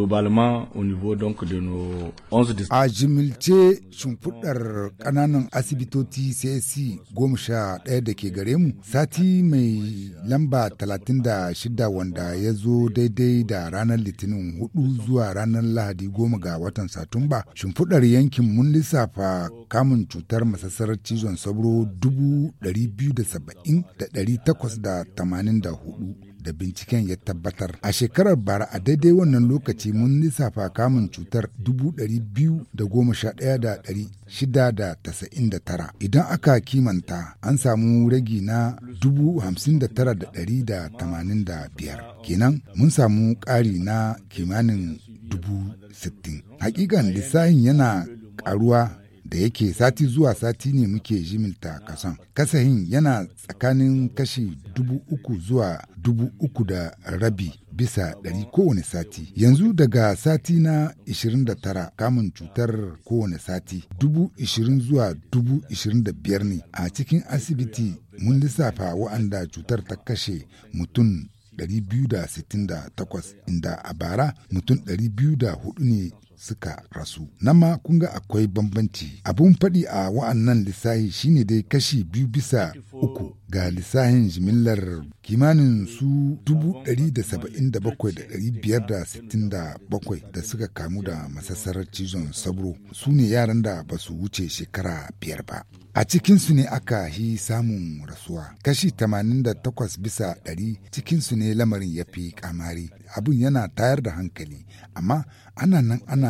globalement au niveau donc de nos 11 districts. A jimilce shimfiɗar ƙananan asibitoci CSC goma sha ɗaya da ke gare mu sati mai lamba 36 wanda ya zo daidai da ranar litinin 4 zuwa ranar lahadi goma ga watan satumba shimfiɗar yankin mun lissafa kamun cutar masasar cizon sauro 270,884 da binciken ya tabbatar. A shekarar bara a daidai wannan lokaci mun lissafa kamun cutar 211,699. Idan aka kimanta an samu ragi na 59,185. Kenan mun samu ƙari na kimanin 60,000. Hakikan lissahin yana ƙaruwa da yake sati zuwa sati ne muke jimilta kasan kasahin yana tsakanin kashi dubu uku zuwa dubu uku da rabi bisa ɗari kowane sati yanzu daga sati na 29 kamun cutar kowane sati dubu 20 zuwa dubu 25 ne a cikin asibiti mun lissafa wa'anda cutar ta kashe mutum 268 inda a bara mutum 204 ne suka rasu. Na ma kun akwai bambanci. Abun faɗi a wa'annan lissahi shine dai kashi biyu bisa uku ga lissahin jimillar kimanin su 177,567 da suka kamu da masassarar cizon sauro su ne yaran da ba su wuce shekara biyar ba. A cikinsu ne aka yi samun rasuwa, kashi 88 bisa 100 cikinsu ne lamarin ya fi kamari, abin yana tayar da hankali, amma ana nan ana